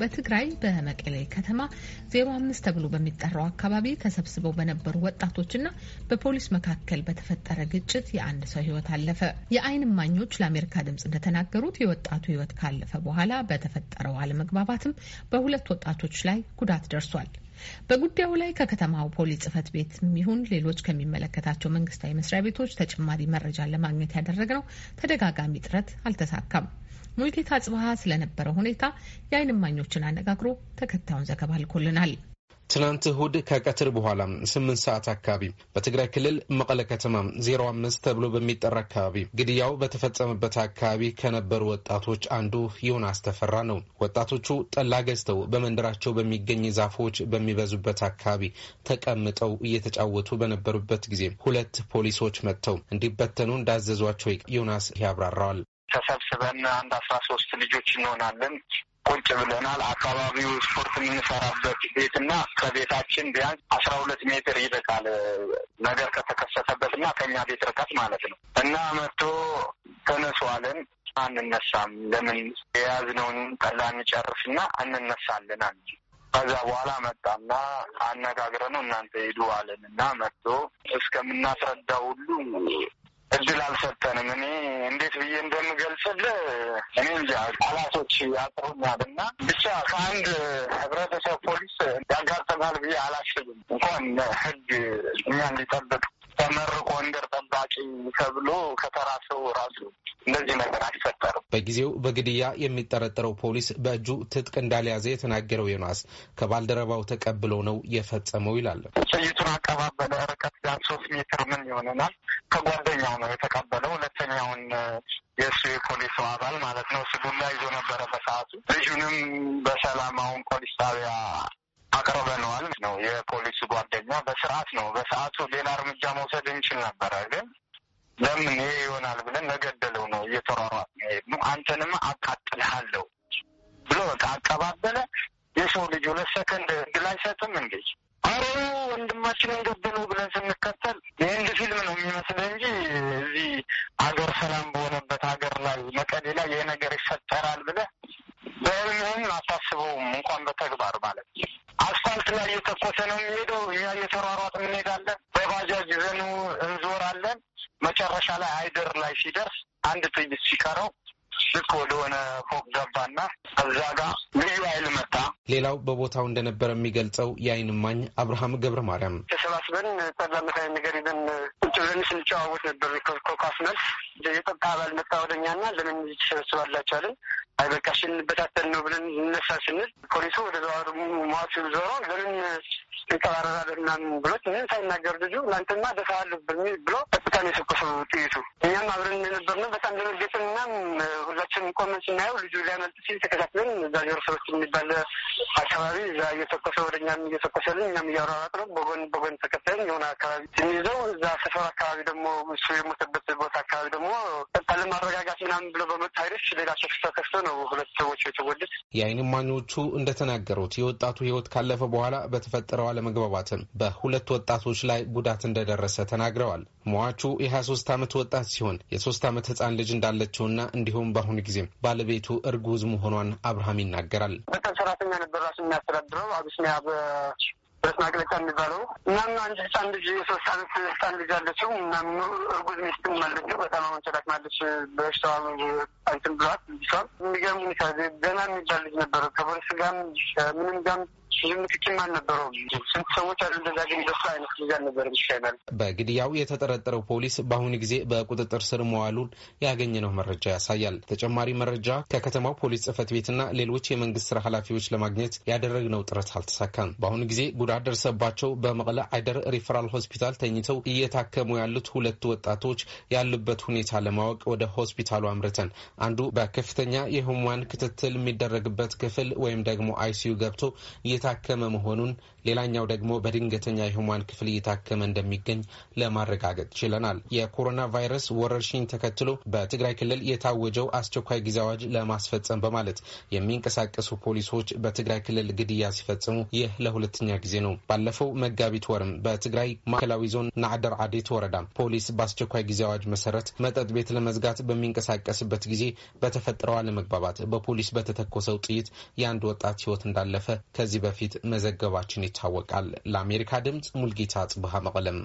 በትግራይ በመቀሌ ከተማ 05 ተብሎ በሚጠራው አካባቢ ተሰብስበው በነበሩ ወጣቶችና በፖሊስ መካከል በተፈጠረ ግጭት የአንድ ሰው ህይወት አለፈ። የአይን እማኞች ለአሜሪካ ድምጽ እንደተናገሩት የወጣቱ ህይወት ካለፈ በኋላ በተፈጠረው አለመግባባትም በሁለት ወጣቶች ላይ ጉዳት ደርሷል። በጉዳዩ ላይ ከከተማው ፖሊስ ጽፈት ቤት የሚሆን ሌሎች ከሚመለከታቸው መንግስታዊ መስሪያ ቤቶች ተጨማሪ መረጃ ለማግኘት ያደረግነው ተደጋጋሚ ጥረት አልተሳካም። ሙልጌታ ጽብሃ ስለነበረው ሁኔታ የዓይን አነጋግሮ ተከታዩን ዘገባ ልኮልናል። ትናንት እሁድ ከቀትር በኋላ ስምንት ሰዓት አካባቢ በትግራይ ክልል መቀለ ከተማ ዜሮ አምስት ተብሎ በሚጠራ አካባቢ ግድያው በተፈጸመበት አካባቢ ከነበሩ ወጣቶች አንዱ ዮናስ ተፈራ ነው። ወጣቶቹ ጠላ ገዝተው በመንደራቸው በሚገኝ ዛፎች በሚበዙበት አካባቢ ተቀምጠው እየተጫወቱ በነበሩበት ጊዜ ሁለት ፖሊሶች መጥተው እንዲበተኑ እንዳዘዟቸው ዮናስ ያብራራዋል። ተሰብስበን አንድ አስራ ሶስት ልጆች እንሆናለን። ቁጭ ብለናል። አካባቢው ስፖርት የምንሰራበት ቤትና ከቤታችን ቢያንስ አስራ ሁለት ሜትር ይርቃል። ነገር ከተከሰተበትና ከኛ ቤት ርቀት ማለት ነው እና መጥቶ ተነሷለን አንነሳም ለምን የያዝነውን ጠላ እንጨርስና እንነሳለን አንጂ ከዛ በኋላ መጣና አነጋግረ ነው እናንተ ሄዱ አለን እና መጥቶ እስከምናስረዳ ሁሉ አልሰጠንም። እኔ እንዴት ብዬ እንደምገልጽል እኔ እንጃ ቃላቶች ያጥሩኛል እና ብቻ ከአንድ ህብረተሰብ ፖሊስ ያጋጥማል ብዬ አላስብም። እንኳን ህግ እኛ እንዲጠብቅ ተመርቆ እንደርጠ ተብሎ ከተራ ሰው ራሱ እንደዚህ ነገር አይፈጠርም። በጊዜው በግድያ የሚጠረጠረው ፖሊስ በእጁ ትጥቅ እንዳልያዘ የተናገረው ዮናስ ከባልደረባው ተቀብሎ ነው የፈጸመው ይላል። ጥይቱን አቀባበለ። ርቀት ጋር ሶስት ሜትር ምን ይሆነናል። ከጓደኛው ነው የተቀበለው። ሁለተኛውን የእሱ የፖሊሱ አባል ማለት ነው እሱ ይዞ ነበረ በሰዓቱ። ልጁንም በሰላም አሁን ፖሊስ ጣቢያ አቅርበነዋል ነው የፖሊሱ ጓደኛ። በስርዓት ነው በሰዓቱ ሌላ እርምጃ መውሰድ እንችል ነበረ ግን ለምን ይሄ ይሆናል ብለን ለገደለው ነው እየተሯሯጥ ነው። አንተንም አቃጥልሃለሁ ብሎ በቃ አቀባበለ። የሰው ልጅ ሁለት ሰከንድ እድል አይሰጥም እንዴ? አሮ ወንድማችንን ገደሉ ብለን ስንከተል የህንድ ፊልም ነው የሚመስለ እንጂ እዚህ አገር ሰላም በሆነበት ሀገር ላይ መቀሌ ላይ ይህ ነገር ይፈጠራል ብለ በህልምህም አታስበውም፣ እንኳን በተግባር ማለት አስፋልት ላይ እየተኮሰ ነው የሚሄደው፣ እኛ እየተሯሯጥ እንሄዳለን። መጨረሻ ላይ አይደር ላይ ሲደርስ አንድ ጥይት ሲቀረው ልክ ወደሆነ ፎቅ ገባና እዛ ጋር ልዩ ኃይል መጣ። ሌላው በቦታው እንደነበረ የሚገልጸው የአይን እማኝ አብርሃም ገብረ ማርያም ተሰባስበን ጠላ መሳይ ነገር ይዘን ቁጭ ብለን ስንጨዋወት ነበር። ኮካስ መልስ የጠጣ አባል መጣ ወደኛ ና ለምን ተሰበስባላችሁ አለን። አይ በቃ ነው ብለን እነሳ ስንል ፖሊሱ ወደ ዘዋሩ ሟቹ ዞሮ ለምን ይቀባረራል ምናምን ብሎት ይህን ሳይናገር ልጁ እናንተማ ደፋሉ በሚል ብሎ ቀጥታን የሰኮሰው ጥይቱ። እኛም አብረን የነበር ነው በጣም ደነገጥን። እናም ሁላችንም ቆመን ስናየው ልጁ ሊያመልጥ ሲል ተከታትለን እዛ ጆር ሰዎች የሚባል አካባቢ እዛ እየተኮሰ ወደ እኛም እየተኮሰልን እኛም እያሯሯጥ ነው በጎን በጎን ተከታይን የሆነ አካባቢ ስንይዘው እዛ ሰፈር አካባቢ ደግሞ እሱ የሞተበት ቦታ አካባቢ ደግሞ ጠጣ ለማረጋጋት ምናምን ብሎ በመጡ ኃይሎች ሌላ ሸፍታ ከፍቶ ነው ሁለት ሰዎች የተጎዱት። የአይን እማኞቹ እንደተናገሩት የወጣቱ ህይወት ካለፈ በኋላ በተፈጠረው አለመግባባትም በሁለት ወጣቶች ላይ ጉዳት እንደደረሰ ተናግረዋል። ሟቹ የ23 ዓመት ወጣት ሲሆን የሶስት ዓመት ህፃን ልጅ እንዳለችውና እንዲሁም በአሁኑ ጊዜም ባለቤቱ እርጉዝ መሆኗን አብርሃም ይናገራል። በጣም ሰራተኛ ነበር ራሱ የሚያስተዳድረው አቢሲኒያ በስማ አቅለጫ የሚባለው እናም አንድ ህፃን ልጅ የሶስት ዓመት ህፃን ልጅ አለችው። እናም እርጉዝ ሚስትም አለችው። በጣም አሁን ተዳክማለች። በሽታዋ አንትን ብሏት ልጅቷል። የሚገርም ሁኔታ ገና የሚባል ልጅ ነበረ ከፖሊስ ጋም ምንም ጋም ምትክም አልነበረውም። ስንት ሰዎች አሉ እንደዛ፣ ግን በሱ አይነት ጊዜ አልነበረም። ይሻላል። በግድያው የተጠረጠረው ፖሊስ በአሁኑ ጊዜ በቁጥጥር ስር መዋሉን ያገኘነው መረጃ ያሳያል። ተጨማሪ መረጃ ከከተማው ፖሊስ ጽህፈት ቤትና ሌሎች የመንግስት ስራ ኃላፊዎች ለማግኘት ያደረግነው ጥረት አልተሳካም። በአሁኑ ጊዜ ጉዳት ደርሰባቸው በመቀለ አይደር ሪፈራል ሆስፒታል ተኝተው እየታከሙ ያሉት ሁለቱ ወጣቶች ያሉበት ሁኔታ ለማወቅ ወደ ሆስፒታሉ አምርተን አንዱ በከፍተኛ የህሙማን ክትትል የሚደረግበት ክፍል ወይም ደግሞ አይሲዩ ገብቶ እየታ እየታከመ መሆኑን ሌላኛው ደግሞ በድንገተኛ የህሙማን ክፍል እየታከመ እንደሚገኝ ለማረጋገጥ ችለናል። የኮሮና ቫይረስ ወረርሽኝ ተከትሎ በትግራይ ክልል የታወጀው አስቸኳይ ጊዜ አዋጅ ለማስፈጸም በማለት የሚንቀሳቀሱ ፖሊሶች በትግራይ ክልል ግድያ ሲፈጽሙ ይህ ለሁለተኛ ጊዜ ነው። ባለፈው መጋቢት ወርም በትግራይ ማዕከላዊ ዞን ናዕደር አዴት ወረዳ ፖሊስ በአስቸኳይ ጊዜ አዋጅ መሰረት መጠጥ ቤት ለመዝጋት በሚንቀሳቀስበት ጊዜ በተፈጠረው አለመግባባት በፖሊስ በተተኮሰው ጥይት የአንድ ወጣት ህይወት እንዳለፈ ከዚህ በፊት በፊት መዘገባችን ይታወቃል። ለአሜሪካ ድምፅ ሙልጌታ ጽብሃ መቀለም